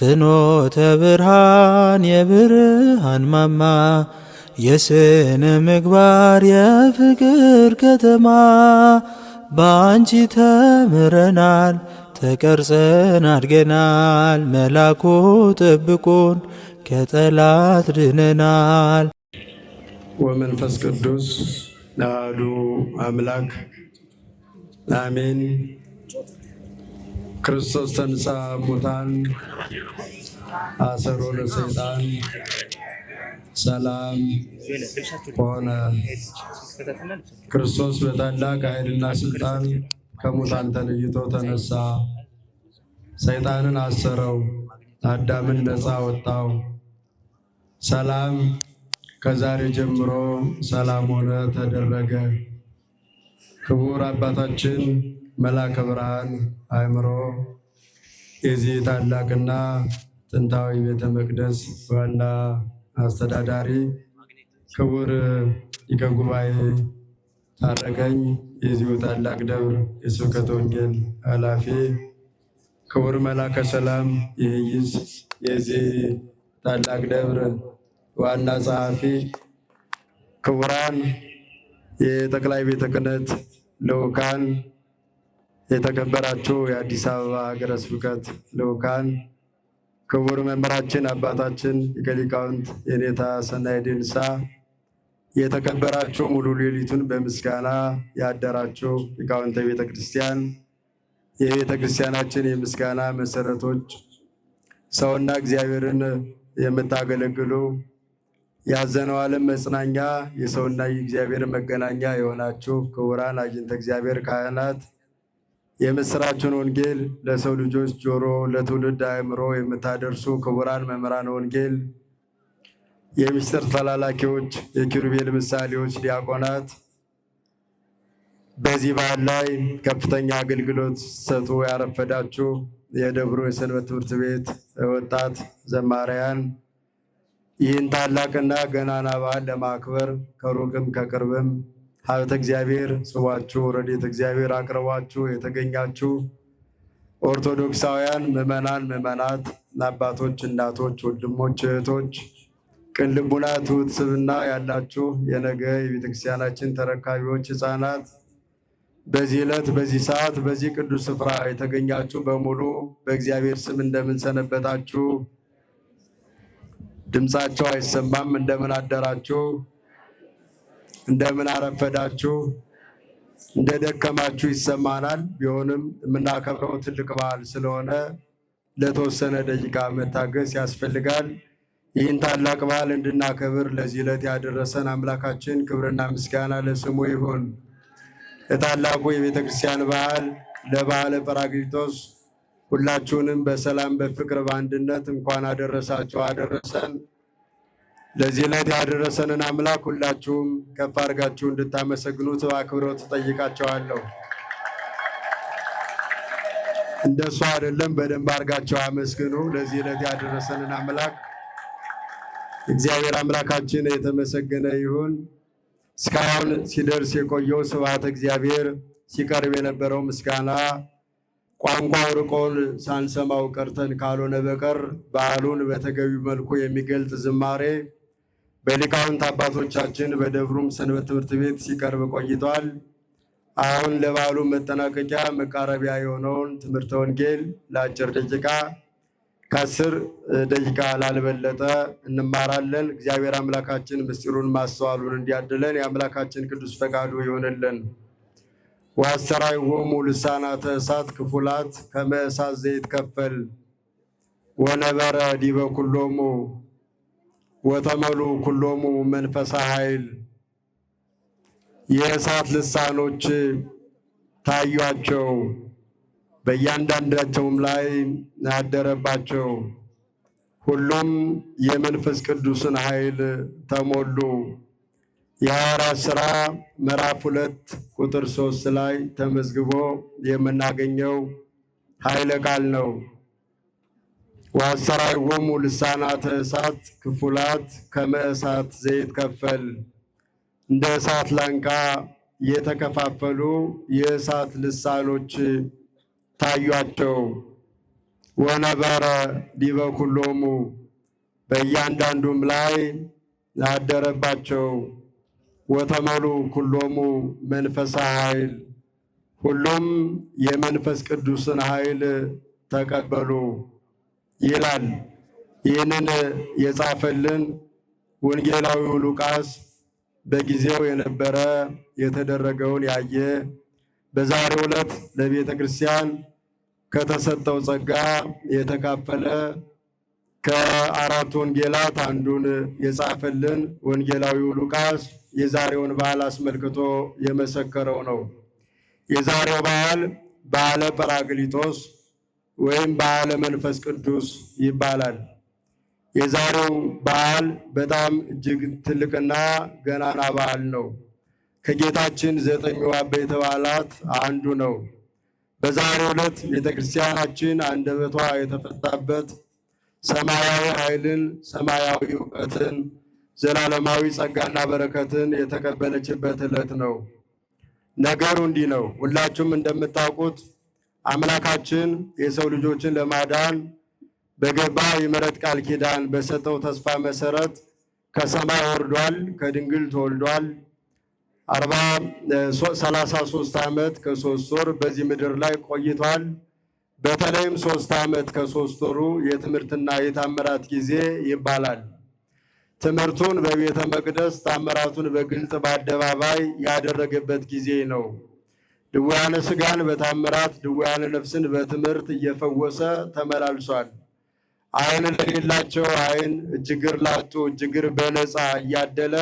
ፍኖተ ብርሃን የብርሃን ማማ የስነ ምግባር የፍቅር ከተማ በአንቺ ተምረናል ተቀርጸን አድገናል መላኩ ጠብቁን ከጠላት ድነናል። ወመንፈስ ቅዱስ አሐዱ አምላክ አሜን። ክርስቶስ ተንሳ ሙታን አሰሮ ለሰይጣን ሰላም ሆነ። ክርስቶስ በታላቅ ኃይልና ስልጣን ከሙታን ተለይቶ ተነሳ። ሰይጣንን አሰረው፣ አዳምን ነፃ ወጣው። ሰላም ከዛሬ ጀምሮ ሰላም ሆነ ተደረገ። ክቡር አባታችን መላከ ብርሃን አእምሮ የዚህ ታላቅና ጥንታዊ ቤተ መቅደስ ዋና አስተዳዳሪ ክቡር ሊቀ ጉባኤ ታረቀኝ የዚሁ ታላቅ ደብር የስብከተ ወንጌል ኃላፊ ክቡር መላከ ሰላም ይህይስ፣ የዚህ ታላቅ ደብር ዋና ጸሐፊ ክቡራን የጠቅላይ ቤተ ክህነት ልዑካን የተከበራችሁ የአዲስ አበባ ሀገረ ስብከት ልዑካን፣ ክቡር መምህራችን አባታችን የገሊቃውንት የኔታ ሰናይ ድንሳ፣ የተከበራችሁ ሙሉ ሌሊቱን በምስጋና ያደራችሁ ሊቃውንተ ቤተ ክርስቲያን፣ የቤተ ክርስቲያናችን የምስጋና መሰረቶች፣ ሰውና እግዚአብሔርን የምታገለግሉ ያዘነው ዓለም መጽናኛ፣ የሰውና የእግዚአብሔር መገናኛ የሆናችሁ ክቡራን አጅንተ እግዚአብሔር ካህናት የምስራችን ወንጌል ለሰው ልጆች ጆሮ ለትውልድ አእምሮ የምታደርሱ ክቡራን መምህራን ወንጌል፣ የምስጢር ተላላኪዎች፣ የኪሩቤል ምሳሌዎች፣ ዲያቆናት በዚህ በዓል ላይ ከፍተኛ አገልግሎት ሰጡ ያረፈዳችሁ የደብሮ የሰንበት ትምህርት ቤት ወጣት ዘማሪያን ይህን ታላቅና ገናና በዓል ለማክበር ከሩቅም ከቅርብም ሀብተ እግዚአብሔር ስቧችሁ ረድኤተ እግዚአብሔር አቅርቧችሁ የተገኛችሁ ኦርቶዶክሳውያን ምዕመናን፣ ምዕመናት፣ አባቶች፣ እናቶች፣ ወንድሞች፣ እህቶች ቅን ልቡና ትሑት ያላችሁ የነገ የቤተክርስቲያናችን ተረካቢዎች ህፃናት በዚህ ዕለት በዚህ ሰዓት በዚህ ቅዱስ ስፍራ የተገኛችሁ በሙሉ በእግዚአብሔር ስም እንደምንሰነበታችሁ ድምፃቸው አይሰማም እንደምን አደራችሁ? እንደምን አረፈዳችሁ። እንደደከማችሁ ይሰማናል። ቢሆንም የምናከብረው ትልቅ በዓል ስለሆነ ለተወሰነ ደቂቃ መታገስ ያስፈልጋል። ይህን ታላቅ በዓል እንድናከብር ለዚህ ዕለት ያደረሰን አምላካችን ክብርና ምስጋና ለስሙ ይሁን። የታላቁ የቤተ ክርስቲያን በዓል ለበዓለ ጰራቅሊጦስ ሁላችሁንም በሰላም በፍቅር በአንድነት እንኳን አደረሳችሁ አደረሰን። ለዚህ ዕለት ያደረሰንን አምላክ ሁላችሁም ከፍ አድርጋችሁ እንድታመሰግኑት በአክብሮት ትጠይቃቸዋለሁ። እንደሱ አይደለም፣ በደንብ አድርጋቸው አመስግኑ። ለዚህ ዕለት ያደረሰንን አምላክ እግዚአብሔር አምላካችን የተመሰገነ ይሁን። እስካሁን ሲደርስ የቆየው ስብሐት እግዚአብሔር ሲቀርብ የነበረው ምስጋና ቋንቋ ርቆን ሳንሰማው ቀርተን ካልሆነ በቀር በዓሉን በተገቢ መልኩ የሚገልጥ ዝማሬ በሊቃውንት አባቶቻችን በደብሩም ሰንበት ትምህርት ቤት ሲቀርብ ቆይቷል። አሁን ለበዓሉ መጠናቀቂያ መቃረቢያ የሆነውን ትምህርተ ወንጌል ለአጭር ደቂቃ ከአስር ደቂቃ ላልበለጠ እንማራለን። እግዚአብሔር አምላካችን ምስጢሩን ማስተዋሉን እንዲያድለን የአምላካችን ቅዱስ ፈቃዱ ይሆንልን። ሆሙ ልሳናተ እሳት ክፉላት ከመ እሳት ዘይትከፈል ወነበረ ዲበ ኩሎሙ ወተመሉ ኩሎሙ መንፈሳ ኃይል የእሳት ልሳኖች ታዩአቸው፣ በእያንዳንዳቸውም ላይ ያደረባቸው። ሁሉም የመንፈስ ቅዱስን ኃይል ተሞሉ። የሐዋርያት ሥራ ምዕራፍ ሁለት ቁጥር ሶስት ላይ ተመዝግቦ የምናገኘው ኃይለ ቃል ነው። ወአስተርአይዎሙ ልሳናተ እሳት ክፉላት ከመ እሳት ከፈል እንደ እሳት ላንቃ የተከፋፈሉ የእሳት ልሳኖች ታዩአቸው። ወነበረ ዲበ ኩሎሙ በእያንዳንዱም ላይ አደረባቸው። ወተመሉ ኩሎሙ መንፈሰ ኃይል ሁሉም የመንፈስ ቅዱስን ኃይል ተቀበሉ። ይላል። ይህንን የጻፈልን ወንጌላዊው ሉቃስ በጊዜው የነበረ የተደረገውን ያየ በዛሬው ዕለት ለቤተ ክርስቲያን ከተሰጠው ጸጋ የተካፈለ ከአራት ወንጌላት አንዱን የጻፈልን ወንጌላዊው ሉቃስ የዛሬውን በዓል አስመልክቶ የመሰከረው ነው። የዛሬው በዓል በዓለ ጰራቅሊጦስ ወይም በዓለ መንፈስ ቅዱስ ይባላል። የዛሬው በዓል በጣም እጅግ ትልቅና ገናና በዓል ነው። ከጌታችን ዘጠኝዋ አበይተ በዓላት አንዱ ነው። በዛሬው ዕለት ቤተክርስቲያናችን አንደበቷ የተፈታበት ሰማያዊ ኃይልን፣ ሰማያዊ እውቀትን፣ ዘላለማዊ ጸጋና በረከትን የተቀበለችበት ዕለት ነው። ነገሩ እንዲህ ነው። ሁላችሁም እንደምታውቁት አምላካችን የሰው ልጆችን ለማዳን በገባ የመረጥ ቃል ኪዳን በሰጠው ተስፋ መሰረት ከሰማይ ወርዷል፣ ከድንግል ተወልዷል። አርባ ሰላሳ ሶስት ዓመት ከሶስት ወር በዚህ ምድር ላይ ቆይቷል። በተለይም ሶስት ዓመት ከሶስት ወሩ የትምህርትና የታምራት ጊዜ ይባላል። ትምህርቱን በቤተ መቅደስ ታምራቱን በግልጽ በአደባባይ ያደረገበት ጊዜ ነው። ድውያነ ስጋን በታምራት ድውያነ ነፍስን በትምህርት እየፈወሰ ተመላልሷል። አይን ለሌላቸው አይን እጅግር ላጡ እጅግር በነፃ እያደለ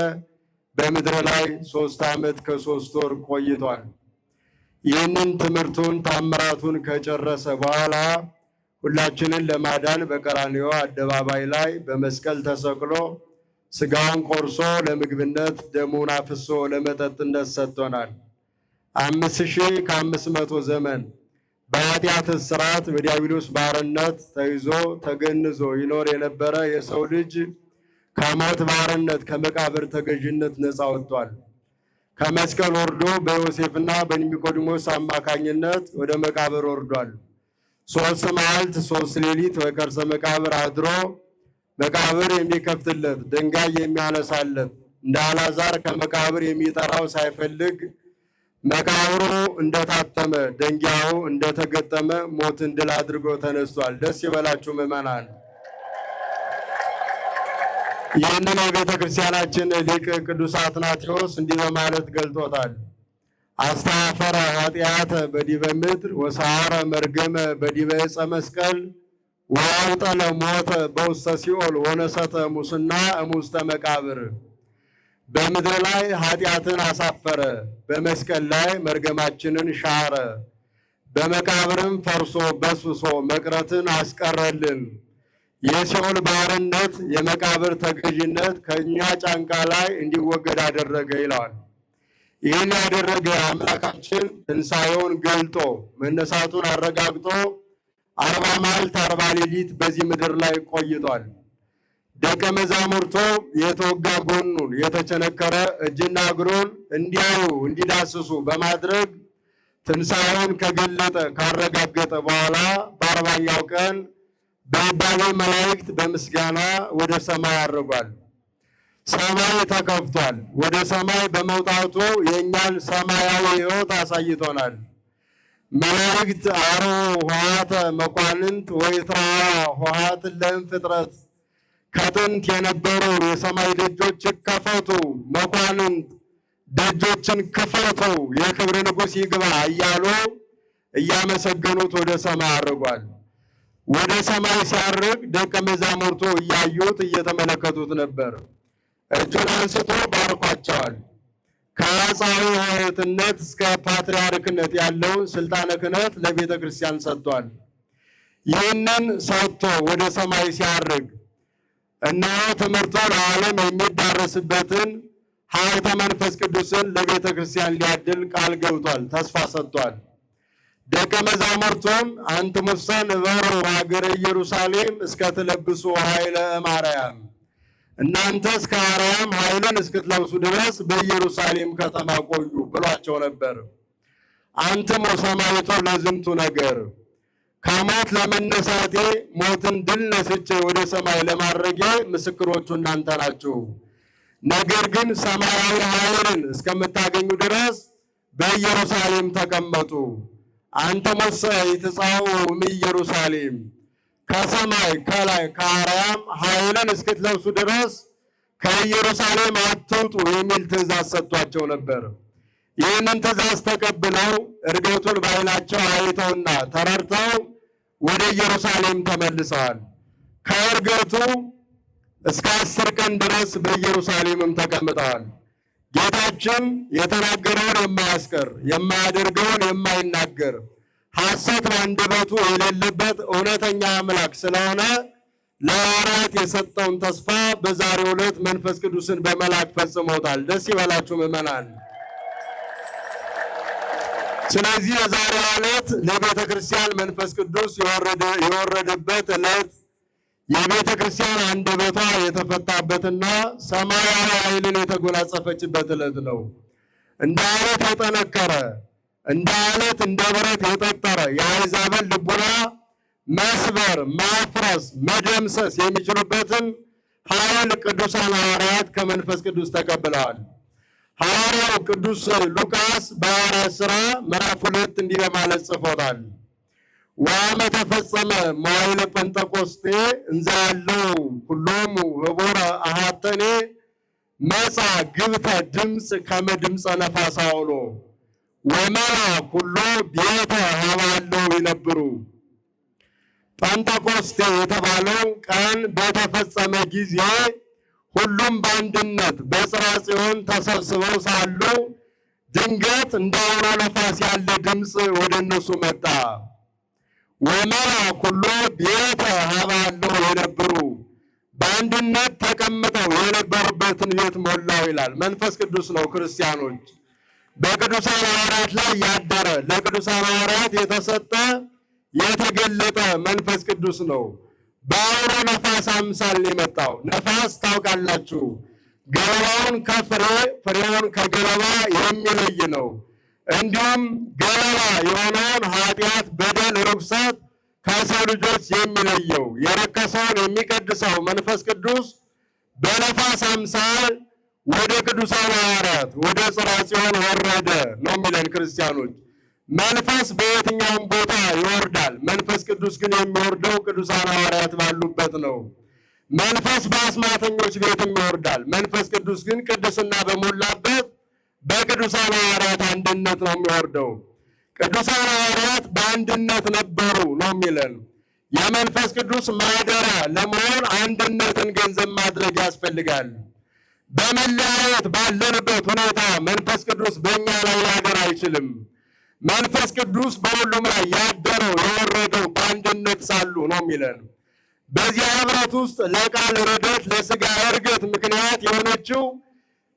በምድር ላይ ሶስት ዓመት ከሶስት ወር ቆይቷል። ይህንን ትምህርቱን ታምራቱን ከጨረሰ በኋላ ሁላችንን ለማዳን በቀራንዮ አደባባይ ላይ በመስቀል ተሰቅሎ ስጋውን ቆርሶ ለምግብነት፣ ደሙን አፍሶ ለመጠጥነት ሰጥቶናል። አምስት ሺህ ከአምስት መቶ ዘመን በኃጢአት ስርዓት በዲያብሎስ ባርነት ተይዞ ተገንዞ ይኖር የነበረ የሰው ልጅ ከሞት ባርነት ከመቃብር ተገዥነት ነፃ ወጥቷል። ከመስቀል ወርዶ በዮሴፍና በኒቆዲሞስ አማካኝነት ወደ መቃብር ወርዷል። ሶስት መዓልት ሶስት ሌሊት በከርሰ መቃብር አድሮ መቃብር የሚከፍትለት ድንጋይ የሚያነሳለት እንደ አላዛር ከመቃብር የሚጠራው ሳይፈልግ መቃብሩ እንደታተመ ደንጊያው እንደተገጠመ ሞትን ድል አድርጎ ተነስቷል። ደስ ይበላችሁ ምዕመናን። ይህንን የቤተ ክርስቲያናችን ሊቅ ቅዱስ አትናቴዎስ እንዲህ በማለት ገልጦታል። አስተፈረ ኃጢአተ በዲበ ምድር ወሳረ መርገመ በዲበ ዕፀ መስቀል ወአውጠለ ሞተ በውስተ ሲኦል ወነሰተ ሙስና እሙስተ መቃብር በምድር ላይ ኃጢአትን አሳፈረ፣ በመስቀል ላይ መርገማችንን ሻረ፣ በመቃብርም ፈርሶ በስብሶ መቅረትን አስቀረልን። የሲኦል ባርነት፣ የመቃብር ተገዥነት ከእኛ ጫንቃ ላይ እንዲወገድ አደረገ ይለዋል። ይህን ያደረገ አምላካችን ትንሣኤውን ገልጦ መነሳቱን አረጋግጦ አርባ መዓልት አርባ ሌሊት በዚህ ምድር ላይ ቆይቷል። ደቀ መዛሙርቶ የተወጋ ጎኑን የተቸነከረ እጅና እግሩን እንዲያዩ እንዲዳስሱ በማድረግ ትንሣኤውን ከገለጠ ካረጋገጠ በኋላ በአርባኛው ቀን በባቤ መላእክት በምስጋና ወደ ሰማይ አድርጓል። ሰማይ ተከፍቷል። ወደ ሰማይ በመውጣቱ የእኛን ሰማያዊ ሕይወት አሳይቶናል። መላእክት አሮ ሆሃተ መኳንንት ወይትራ ሆሃት ለእም ፍጥረት ከጥንት የነበሩ የሰማይ ደጆች ይከፈቱ፣ መኳንንት ደጆችን ክፈቱ፣ የክብር ንጉሥ ይግባ እያሉ እያመሰገኑት ወደ ሰማይ አድርጓል። ወደ ሰማይ ሲያርግ ደቀ መዛሙርቱ እያዩት እየተመለከቱት ነበር። እጁን አንስቶ ባርኳቸዋል። ከአፄ ሐዋርያትነት እስከ ፓትርያርክነት ያለውን ስልጣነ ክህነት ለቤተ ክርስቲያን ሰጥቷል። ይህንን ሰጥቶ ወደ ሰማይ ሲያርግ እና ትምህርቱ ለዓለም የሚዳረስበትን ሀብተ መንፈስ ቅዱስን ለቤተ ክርስቲያን ሊያድል ቃል ገብቷል፣ ተስፋ ሰጥቷል። ደቀ መዛሙርቱም አንትሙሰን እበሩ ሀገረ ኢየሩሳሌም እስከ ትለብሱ ኃይለ እማርያም እናንተ እስከ አርያም ኃይልን እስክትለብሱ ድረስ በኢየሩሳሌም ከተማ ቆዩ ብሏቸው ነበር። አንትሙ ሰማዕቱ ለዝንቱ ነገር ከሞት ለመነሳቴ ሞትን ድል ነስቼ ወደ ሰማይ ለማድረጌ ምስክሮቹ እናንተ ናችሁ። ነገር ግን ሰማያዊ ኃይልን እስከምታገኙ ድረስ በኢየሩሳሌም ተቀመጡ። አንተ መሳይ ትጻው ኢየሩሳሌም ከሰማይ ከላይ ከአርያም ኃይልን እስክትለብሱ ድረስ ከኢየሩሳሌም አትውጡ የሚል ትእዛዝ ሰጥቷቸው ነበር። ይህንን ትእዛዝ ተቀብለው እርገቱን በዓይናቸው አይተውና ተረድተው ወደ ኢየሩሳሌም ተመልሰዋል። ከእርገቱ እስከ አስር ቀን ድረስ በኢየሩሳሌምም ተቀምጠዋል። ጌታችን የተናገረውን የማያስቀር የማያደርገውን የማይናገር ሐሰት በአንደበቱ የሌለበት እውነተኛ አምላክ ስለሆነ ለሐዋርያት የሰጠውን ተስፋ በዛሬው ዕለት መንፈስ ቅዱስን በመላክ ፈጽሞታል። ደስ ይበላችሁ ምዕመናን። ስለዚህ የዛሬ ዕለት ለቤተ ክርስቲያን መንፈስ ቅዱስ የወረደበት ዕለት የቤተ ክርስቲያን አንደበቷ የተፈታበትና ሰማያዊ ኃይልን የተጎናጸፈችበት ዕለት ነው። እንደ አለት የጠነከረ እንደ አለት እንደ ብረት የጠጠረ የአይዛበል ልቡና መስበር፣ ማፍረስ፣ መደምሰስ የሚችሉበትን ኃይል ቅዱሳን ሐዋርያት ከመንፈስ ቅዱስ ተቀብለዋል። ሐዋርያው ቅዱስ ሉቃስ በሐዋርያት ሥራ ምዕራፍ ሁለት እንዲህ በማለት ጽፎታል። ወአመ ተፈጸመ መዋዕለ ጴንጠቆስጤ እንዛ ያለው ሁሎሙ ህቡረ አሃተኔ መጻ ግብተ ድምፅ ከመ ድምፀ ነፋስ አውሎ ወመራ ኩሎ ቤተ ሀባለው ይነብሩ። ጴንጠቆስጤ የተባለው ቀን በተፈጸመ ጊዜ ሁሉም በአንድነት በጽርሐ ጽዮን ተሰብስበው ሳሉ ድንገት እንደ አውሎ ነፋስ ያለ ድምፅ ወደ እነሱ መጣ። ወመራ ሁሉ ቤተ ሀባለው የነበሩ በአንድነት ተቀምጠው የነበሩበትን ቤት ሞላው ይላል። መንፈስ ቅዱስ ነው ክርስቲያኖች በቅዱሳን ሐዋርያት ላይ ያደረ ለቅዱሳን ሐዋርያት የተሰጠ የተገለጠ መንፈስ ቅዱስ ነው። በአውሎ ነፋስ አምሳል የመጣው ነፋስ ታውቃላችሁ፣ ገለባውን ከፍሬ ፍሬውን ከገለባ የሚለይ ነው። እንዲሁም ገለባ የሆነውን ኃጢአት፣ በደል፣ ርኩሰት ከሰው ልጆች የሚለየው የረከሰውን የሚቀድሰው መንፈስ ቅዱስ በነፋስ አምሳል ወደ ቅዱሳን ሐዋርያት ወደ ጽርሐ ጽዮን ወረደ ነው የሚለን ክርስቲያኖች መንፈስ በየትኛውም ቦታ ይወርዳል። መንፈስ ቅዱስ ግን የሚወርደው ቅዱሳን ሐዋርያት ባሉበት ነው። መንፈስ በአስማተኞች ቤትም ይወርዳል። መንፈስ ቅዱስ ግን ቅድስና በሞላበት በቅዱሳን ሐዋርያት አንድነት ነው የሚወርደው። ቅዱሳን ሐዋርያት በአንድነት ነበሩ ነው የሚለን። የመንፈስ ቅዱስ ማደሪያ ለመሆን አንድነትን ገንዘብ ማድረግ ያስፈልጋል። በመለያየት ባለንበት ሁኔታ መንፈስ ቅዱስ በእኛ ላይ ላገር አይችልም። መንፈስ ቅዱስ በሁሉም ላይ ያደረው የወረደው በአንድነት ሳሉ ነው የሚለን። በዚህ ህብረት ውስጥ ለቃል ርደት ለስጋ እርገት ምክንያት የሆነችው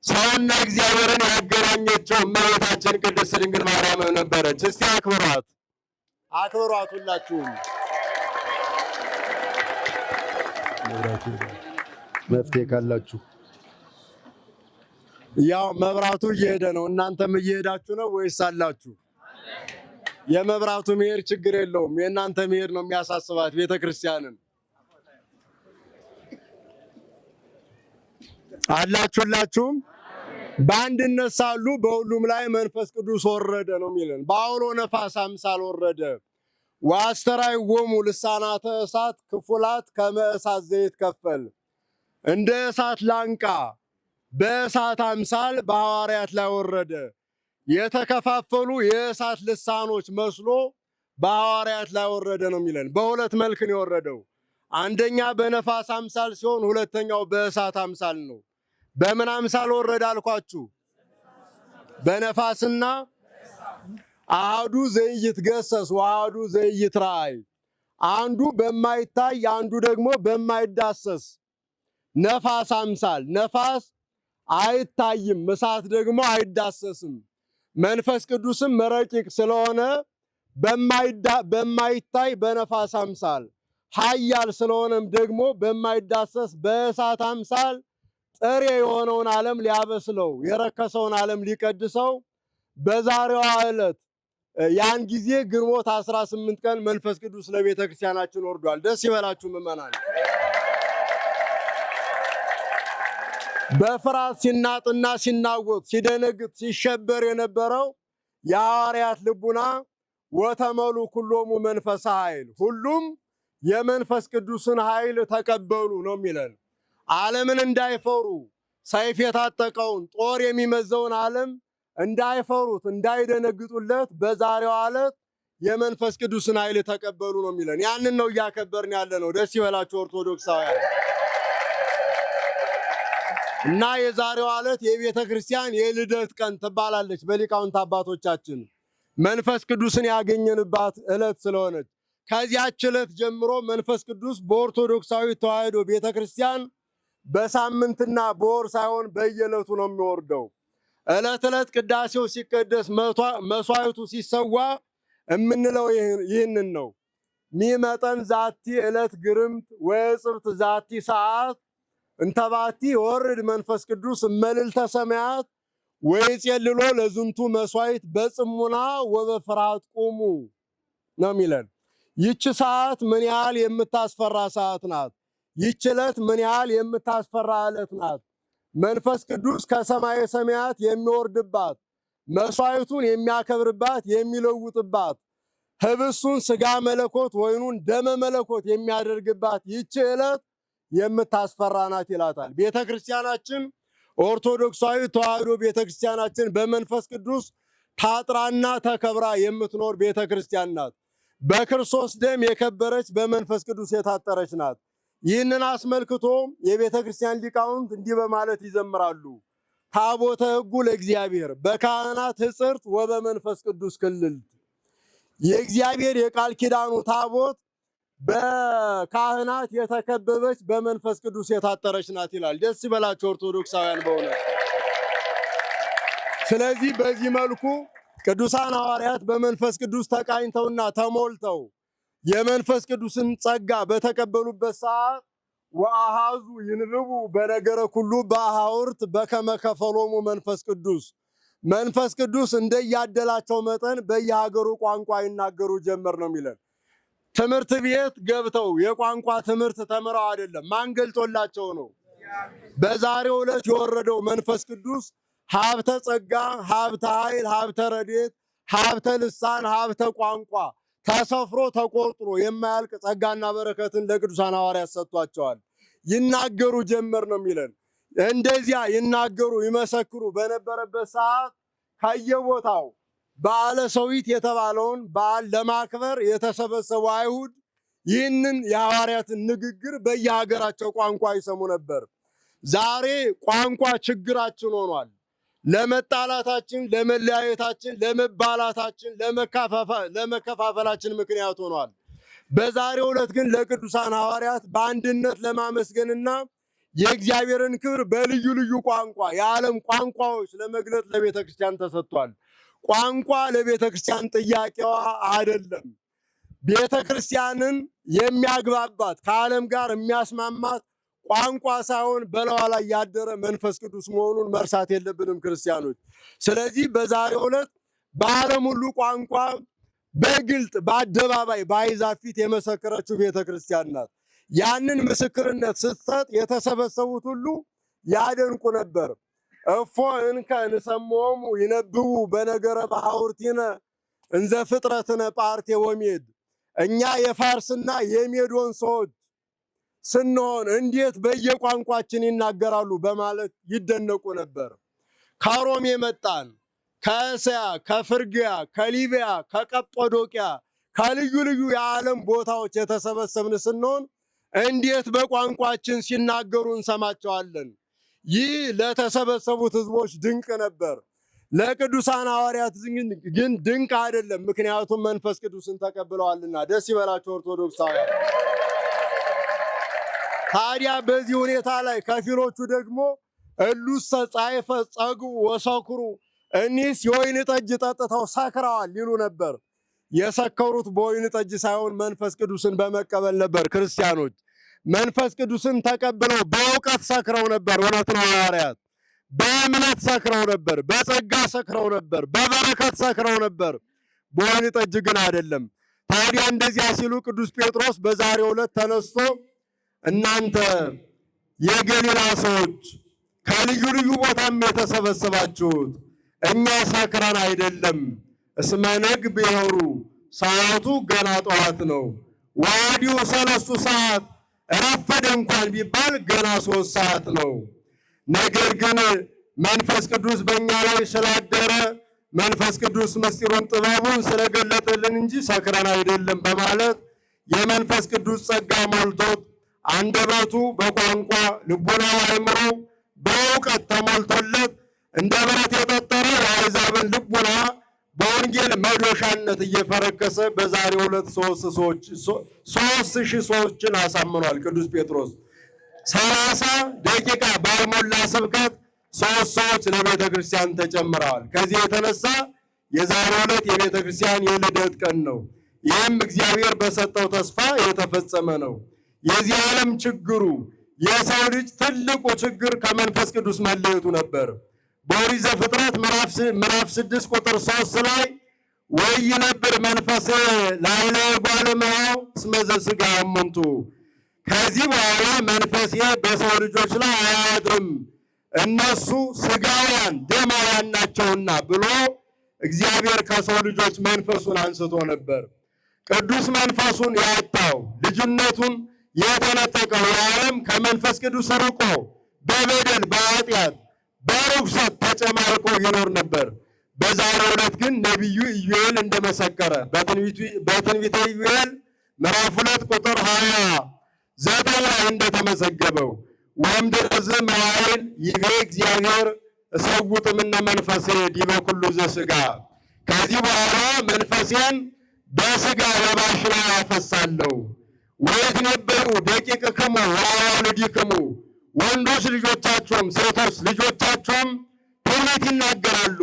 ሰውና እግዚአብሔርን ያገናኘችው እመቤታችን ቅድስት ድንግል ማርያም ነበረች። እስቲ አክብሯት፣ አክብሯት ሁላችሁም። መፍትሄ ካላችሁ ያው መብራቱ እየሄደ ነው። እናንተም እየሄዳችሁ ነው ወይስ አላችሁ? የመብራቱ መሄድ ችግር የለውም። የእናንተ መሄድ ነው የሚያሳስባት ቤተክርስቲያንን አላችሁላችሁም በአንድነት ሳሉ በሁሉም ላይ መንፈስ ቅዱስ ወረደ ነው የሚለን። በአውሎ ነፋስ አምሳል ወረደ ወሙ ልሳናተ እሳት ክፉላት ከመ እሳት ዘይት ከፈል እንደ እሳት ላንቃ በእሳት አምሳል በሐዋርያት ላይ ወረደ። የተከፋፈሉ የእሳት ልሳኖች መስሎ በሐዋርያት ላይ ወረደ ነው የሚለን። በሁለት መልክ ነው የወረደው። አንደኛ በነፋስ አምሳል ሲሆን፣ ሁለተኛው በእሳት አምሳል ነው። በምን አምሳል ወረደ አልኳችሁ? በነፋስና አህዱ ዘይት ገሰስ ወአህዱ ዘይት ራእይ፣ አንዱ በማይታይ አንዱ ደግሞ በማይዳሰስ ነፋስ አምሳል። ነፋስ አይታይም፣ እሳት ደግሞ አይዳሰስም። መንፈስ ቅዱስም ረቂቅ ስለሆነ በማይታይ በነፋስ አምሳል ኃያል ስለሆነም ደግሞ በማይዳሰስ በእሳት አምሳል ጥሬ የሆነውን ዓለም ሊያበስለው የረከሰውን ዓለም ሊቀድሰው በዛሬዋ ዕለት ያን ጊዜ ግንቦት 18 ቀን መንፈስ ቅዱስ ለቤተ ክርስቲያናችን ወርዷል። ደስ ይበላችሁ ምእመናን። በፍርሃት ሲናጥና ሲናወጥ ሲደነግጥ ሲሸበር የነበረው የሐዋርያት ልቡና ወተመሉ ኩሎሙ መንፈሰ ኃይል፣ ሁሉም የመንፈስ ቅዱስን ኃይል ተቀበሉ ነው የሚለን። ዓለምን እንዳይፈሩ ሰይፍ የታጠቀውን ጦር የሚመዘውን ዓለም እንዳይፈሩት እንዳይደነግጡለት በዛሬው ዕለት የመንፈስ ቅዱስን ኃይል ተቀበሉ ነው የሚለን። ያንን ነው እያከበርን ያለ ነው። ደስ ይበላችሁ ኦርቶዶክሳውያን። እና የዛሬዋ ዕለት የቤተ ክርስቲያን የልደት ቀን ትባላለች በሊቃውንት አባቶቻችን መንፈስ ቅዱስን ያገኘንባት ዕለት ስለሆነች ከዚያች ዕለት ጀምሮ መንፈስ ቅዱስ በኦርቶዶክሳዊ ተዋሕዶ ቤተ ክርስቲያን በሳምንትና በወር ሳይሆን በየዕለቱ ነው የሚወርደው። ዕለት ዕለት ቅዳሴው ሲቀደስ መስዋዕቱ ሲሰዋ የምንለው ይህንን ነው። ሚመጠን ዛቲ ዕለት ግርምት ወጽብት ዛቲ ሰዓት እንተባቲ ወርድ መንፈስ ቅዱስ እመልዕልተ ሰማያት ወይጼልሎ ለዝንቱ መስዋዕት በጽሙና ወበፍርሃት ቁሙ ነው የሚለን። ይቺ ሰዓት ምን ያህል የምታስፈራ ሰዓት ናት! ይቺ ዕለት ምን ያህል የምታስፈራ ዕለት ናት! መንፈስ ቅዱስ ከሰማይ ሰማያት የሚወርድባት መስዋዕቱን የሚያከብርባት የሚለውጥባት ህብሱን ስጋ መለኮት ወይኑን ደመ መለኮት የሚያደርግባት ይቺ ዕለት የምታስፈራ ናት ይላታል። ቤተ ክርስቲያናችን ኦርቶዶክሳዊ ተዋህዶ ቤተ ክርስቲያናችን በመንፈስ ቅዱስ ታጥራና ተከብራ የምትኖር ቤተ ክርስቲያን ናት። በክርስቶስ ደም የከበረች በመንፈስ ቅዱስ የታጠረች ናት። ይህንን አስመልክቶ የቤተ ክርስቲያን ሊቃውንት እንዲህ በማለት ይዘምራሉ። ታቦተ ሕጉ ለእግዚአብሔር በካህናት ሕጽርት ወበመንፈስ ቅዱስ ክልል የእግዚአብሔር የቃል ኪዳኑ ታቦት በካህናት የተከበበች በመንፈስ ቅዱስ የታጠረች ናት ይላል። ደስ ይበላችሁ ኦርቶዶክሳውያን በእውነት። ስለዚህ በዚህ መልኩ ቅዱሳን ሐዋርያት በመንፈስ ቅዱስ ተቃኝተውና ተሞልተው የመንፈስ ቅዱስን ጸጋ በተቀበሉበት ሰዓት ወአሃዙ ይንርቡ በነገረ ሁሉ በአሃውርት በከመ ከፈሎሙ መንፈስ ቅዱስ መንፈስ ቅዱስ እንደያደላቸው መጠን በየሀገሩ ቋንቋ ይናገሩ ጀመር ነው የሚለን። ትምህርት ቤት ገብተው የቋንቋ ትምህርት ተምረው አይደለም፣ ማን ገልጦላቸው ነው? በዛሬው ዕለት የወረደው መንፈስ ቅዱስ ሀብተ ጸጋ፣ ሀብተ ኃይል፣ ሀብተ ረድኤት፣ ሀብተ ልሳን፣ ሀብተ ቋንቋ ተሰፍሮ ተቆጥሮ የማያልቅ ጸጋና በረከትን ለቅዱሳን ሐዋርያት ሰጥቷቸዋል። ይናገሩ ጀመር ነው የሚለን። እንደዚያ ይናገሩ ይመሰክሩ በነበረበት ሰዓት ከየቦታው በዓለ ሰዊት የተባለውን በዓል ለማክበር የተሰበሰቡ አይሁድ ይህንን የሐዋርያትን ንግግር በየሀገራቸው ቋንቋ ይሰሙ ነበር። ዛሬ ቋንቋ ችግራችን ሆኗል። ለመጣላታችን፣ ለመለያየታችን፣ ለመባላታችን፣ ለመከፋፈላችን ምክንያት ሆኗል። በዛሬው ዕለት ግን ለቅዱሳን ሐዋርያት በአንድነት ለማመስገንና የእግዚአብሔርን ክብር በልዩ ልዩ ቋንቋ የዓለም ቋንቋዎች ለመግለጥ ለቤተ ክርስቲያን ተሰጥቷል። ቋንቋ ለቤተ ክርስቲያን ጥያቄዋ አይደለም። ቤተ ክርስቲያንን የሚያግባባት ከዓለም ጋር የሚያስማማት ቋንቋ ሳይሆን በለዋ ላይ ያደረ መንፈስ ቅዱስ መሆኑን መርሳት የለብንም ክርስቲያኖች። ስለዚህ በዛሬው ዕለት በዓለም ሁሉ ቋንቋ በግልጥ በአደባባይ በአይዛ ፊት የመሰከረችው ቤተ ክርስቲያን ናት። ያንን ምስክርነት ስትሰጥ የተሰበሰቡት ሁሉ ያደንቁ ነበር። እፎ እንከን ሰሞሙ ይነብቡ በነገረ ባሐውርቲነ እንዘ ፍጥረትነ ጳርቴ ወሜድ እኛ የፋርስና የሜዶን ሰዎች ስንሆን እንዴት በየቋንቋችን ይናገራሉ በማለት ይደነቁ ነበር። ከሮም የመጣን ከእስያ፣ ከፍርግያ፣ ከሊቢያ፣ ከቀጶዶቅያ ከልዩ ልዩ የዓለም ቦታዎች የተሰበሰብን ስንሆን እንዴት በቋንቋችን ሲናገሩ እንሰማቸዋለን። ይህ ለተሰበሰቡት ህዝቦች ድንቅ ነበር፣ ለቅዱሳን ሐዋርያት ግን ድንቅ አይደለም። ምክንያቱም መንፈስ ቅዱስን ተቀብለዋልና። ደስ ይበላቸው ኦርቶዶክሳውያን። ታዲያ በዚህ ሁኔታ ላይ ከፊሎቹ ደግሞ እሉሰ ጻይፈ ጸግቡ ወሰክሩ፣ እኒስ የወይን ጠጅ ጠጥተው ሰክረዋል ይሉ ነበር። የሰከሩት በወይን ጠጅ ሳይሆን መንፈስ ቅዱስን በመቀበል ነበር ክርስቲያኖች መንፈስ ቅዱስን ተቀብለው በእውቀት ሰክረው ነበር። እውነት ነው። ሐዋርያት በእምነት ሰክረው ነበር፣ በጸጋ ሰክረው ነበር፣ በበረከት ሰክረው ነበር። በወይን ጠጅ ግን አይደለም። ታዲያ እንደዚያ ሲሉ ቅዱስ ጴጥሮስ በዛሬው ዕለት ተነስቶ እናንተ የገሊላ ሰዎች ከልዩ ልዩ ቦታም የተሰበሰባችሁት እኛ ሰክረን አይደለም፣ እስመ ነግህ ቢሆሩ ሰዓቱ ገና ጠዋት ነው። ወዲሁ ሰለስቱ ሰዓት ረፈደ እንኳን ቢባል ገና ሶስት ሰዓት ነው። ነገር ግን መንፈስ ቅዱስ በእኛ ላይ ስላደረ መንፈስ ቅዱስ ምስጢሩን ጥበቡን ስለገለጠልን እንጂ ሰክረን አይደለም በማለት የመንፈስ ቅዱስ ጸጋ ሞልቶት አንደበቱ በቋንቋ ልቡናው አእምሮ በእውቀት ተሞልቶለት እንደ ብረት ወንጌል መዶሻነት እየፈረከሰ በዛሬ ሁለት ሶስት ሺህ ሰዎችን አሳምኗል። ቅዱስ ጴጥሮስ ሰላሳ ደቂቃ ባልሞላ ስብከት ሶስት ሰዎች ለቤተ ክርስቲያን ተጨምረዋል። ከዚህ የተነሳ የዛሬ ሁለት የቤተ ክርስቲያን የልደት ቀን ነው። ይህም እግዚአብሔር በሰጠው ተስፋ የተፈጸመ ነው። የዚህ ዓለም ችግሩ የሰው ልጅ ትልቁ ችግር ከመንፈስ ቅዱስ መለየቱ ነበር። በኦሪት ዘፍጥረት ምዕራፍ ስድስት ቁጥር ሶስት ላይ ወይ ነብር መንፈስ ላይለ ጓልመው ስመዘ ስጋ ሙንቱ ከዚህ በኋላ መንፈሴ በሰው ልጆች ላይ አያድርም እነሱ ስጋውያን ደማውያን ናቸውና ብሎ እግዚአብሔር ከሰው ልጆች መንፈሱን አንስቶ ነበር። ቅዱስ መንፈሱን ያጣው ልጅነቱን የተነጠቀው የዓለም ከመንፈስ ቅዱስ ርቆ በበደል በኃጢአት በርኩሰት ተጨማርቆ ይኖር ነበር። በዛሬው ዕለት ግን ነቢዩ ኢዩኤል እንደመሰከረ በትንቢተ ኢዩኤል ምዕራፍ ሁለት ቁጥር ሀያ ዘጠኝ ላይ እንደተመዘገበው ወምድርዝ መዋይል ይቤ እግዚአብሔር እሰውጥ መንፈሴ ዲበ ኩሉ ዘሥጋ ከዚህ በኋላ መንፈሴን በሥጋ ለባሽ ላይ አፈሳለሁ። ክሙ ደቂቅክሙ ክሙ ወንዶች ልጆቻቸውም ሴቶች ልጆቻቸውም ትንቢት ይናገራሉ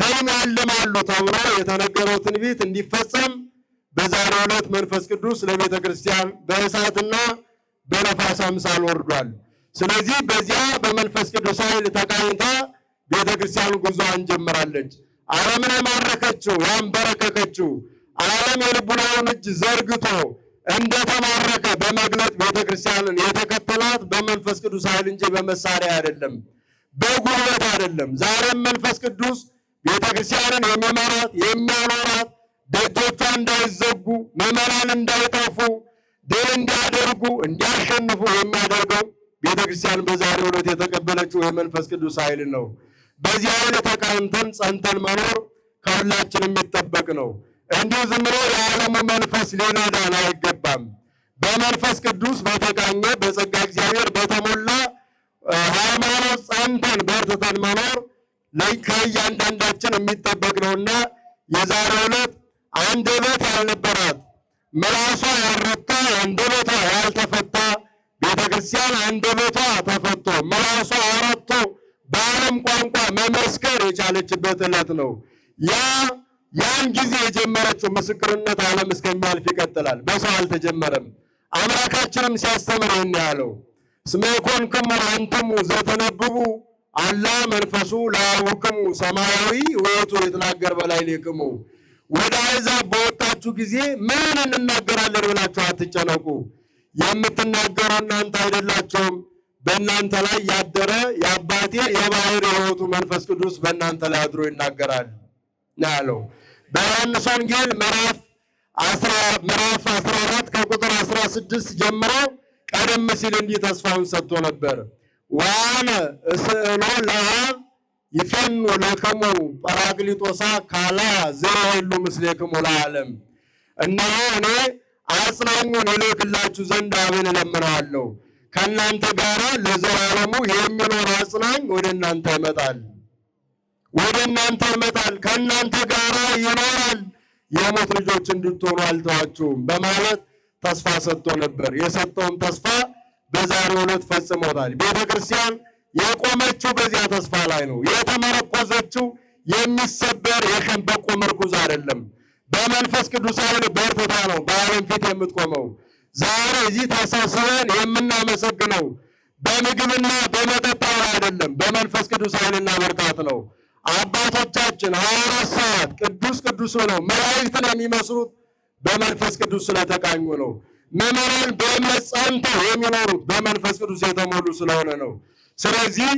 ህልም ያልማሉ ተብሎ የተነገረው ትንቢት እንዲፈጸም በዛሬው ዕለት መንፈስ ቅዱስ ለቤተ ክርስቲያን በእሳትና በነፋስ አምሳል ወርዷል። ስለዚህ በዚያ በመንፈስ ቅዱስ ኃይል ተቃኝታ ቤተ ክርስቲያን ጉዞዋን ጀምራለች። ዓለምን የማረከችው ያንበረከከችው ዓለም የልቡናውን እጅ ዘርግቶ እንደተማረከ በመግለጥ ቤተ ክርስቲያንን የተከተላት በመንፈስ ቅዱስ ኃይል እንጂ በመሳሪያ አይደለም፣ በጉልበት አይደለም። ዛሬም መንፈስ ቅዱስ ቤተክርስቲያንን የሚመራት የሚያኖራት ደጆቿ እንዳይዘጉ ምዕመናን እንዳይጠፉ ድል እንዲያደርጉ እንዲያሸንፉ የሚያደርገው ቤተክርስቲያን በዛሬው ዕለት የተቀበለችው የመንፈስ ቅዱስ ኃይል ነው። በዚህ ኃይል ተቃምተን ጸንተን መኖር ከሁላችን የሚጠበቅ ነው። እንዲሁ ዝም ብሎ የዓለሙ መንፈስ ሊነዳን አይገባም። በመንፈስ ቅዱስ በተቃኘ በጸጋ እግዚአብሔር በተሞላ ሃይማኖት ጸንተን በርትተን መኖር ከእያንዳንዳችን የሚጠበቅ ነውና የዛሬ ዕለት አንደበት ያልነበራት ምላሷ ያልረታ አንደበቷ ያልተፈታ ቤተክርስቲያን አንደበቷ ተፈቶ ምላሷ አረቶ በዓለም ቋንቋ መመስከር የቻለችበት ዕለት ነው። ያ ያን ጊዜ የጀመረችው ምስክርነት ዓለም እስከሚያልፍ ይቀጥላል። በሰው አልተጀመረም። አምላካችንም ሲያስተምር ያለው እስመ ይኮንክሙ አንትሙ ዘተነብቡ አላህ መንፈሱ ላያውክሙ ሰማያዊ የተናገር በላይ በላዕሌክሙ። ወደ አሕዛብ በወጣችሁ ጊዜ ምን እንናገራለን ብላችሁ አትጨነቁ። የምትናገሩ እናንተ አይደላችሁም፣ በእናንተ ላይ ያደረ የአባቴ የባህር የሕይወቱ መንፈስ ቅዱስ በእናንተ ላይ አድሮ ይናገራል ና ያለው። በዮሐንስ ወንጌል ምዕራፍ 14 ከቁጥር 16 ጀምሮ ቀደም ሲል እንዲህ ተስፋውን ሰጥቶ ነበር። ዋነ እስእሎ ለአብ ይፈኑ ለክሙ ጰራቅሊጦሳ ካላ ዘይሉ ምስሌክሙ ለዓለም። እነሆ እኔ አጽናኙን እልክላችሁ ዘንድ አብን እለምነዋለሁ ከእናንተ ጋር ለዘላለሙ የሚኖር አጽናኝ ወደ እናንተ ይመጣል ወደ እናንተ ይመጣል ከእናንተ ጋር ይኖራል፣ የሞት ልጆች እንድትሆኑ አልተዋችሁም በማለት ተስፋ ሰጥቶ ነበር። የሰጠውን ተስፋ በዛሬው ዕለት ፈጽሞታል። ቤተ ክርስቲያን የቆመችው በዚያ ተስፋ ላይ ነው። የተመረኮዘችው የሚሰበር የሸንበቆ ምርኩዝ አይደለም። በመንፈስ ቅዱስ ኃይል በርትታ ነው በዓለም ፊት የምትቆመው። ዛሬ እዚህ ተሰብስበን የምናመሰግነው በምግብና በመጠጥ አይደለም፣ በመንፈስ ቅዱስ ኃይልና በርታት ነው። አባቶቻችን ሀያ አራት ሰዓት ቅዱስ ቅዱስ ነው መላእክትን የሚመስሉት በመንፈስ ቅዱስ ስለተቃኙ ነው። ምዕመናን በእምነት ጸንተው የሚኖሩት በመንፈስ ቅዱስ የተሞሉ ስለሆነ ነው። ስለዚህ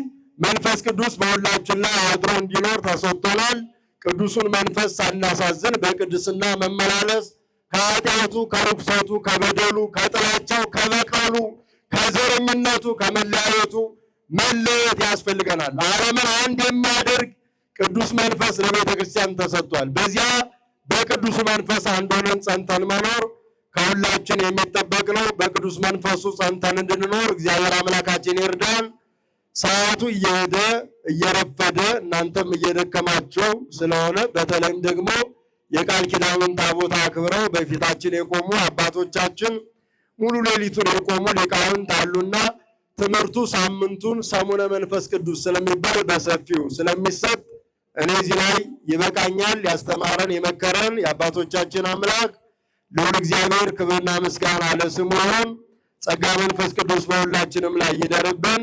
መንፈስ ቅዱስ በሁላችን ላይ አድሮ እንዲኖር ተሰጥቶናል። ቅዱሱን መንፈስ ሳናሳዝን በቅድስና መመላለስ ከኃጢአቱ፣ ከርኩሰቱ፣ ከበደሉ፣ ከጥላቻው፣ ከበቀሉ፣ ከዘረኝነቱ፣ ከመለያየቱ መለየት ያስፈልገናል። ዓለምን አንድ የሚያደርግ ቅዱስ መንፈስ ለቤተ ክርስቲያን ተሰጥቷል። በዚያ በቅዱሱ መንፈስ አንድ ሆነን ጸንተን መኖር ከሁላችን የሚጠበቅ ነው። በቅዱስ መንፈሱ ጸንተን እንድንኖር እግዚአብሔር አምላካችን ይርዳን። ሰዓቱ እየሄደ እየረፈደ እናንተም እየደከማቸው ስለሆነ በተለይም ደግሞ የቃል ኪዳኑን ታቦት አክብረው በፊታችን የቆሙ አባቶቻችን ሙሉ ሌሊቱን የቆሙ ሊቃውንት አሉና ትምህርቱ ሳምንቱን ሰሙነ መንፈስ ቅዱስ ስለሚባል በሰፊው ስለሚሰጥ እኔ እዚህ ላይ ይበቃኛል። ያስተማረን የመከረን የአባቶቻችን አምላክ ልዑል እግዚአብሔር ክብርና ምስጋና ለስሙ ይሁን። ጸጋ መንፈስ ቅዱስ በሁላችንም ላይ ይደርብን።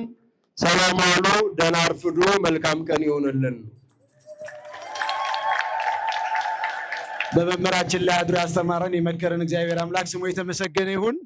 ሰላም አሉ ደህና አርፍዱ። መልካም ቀን ይሆንልን። በመምህራችን ላይ አድሮ ያስተማረን የመከረን እግዚአብሔር አምላክ ስሙ የተመሰገነ ይሁን።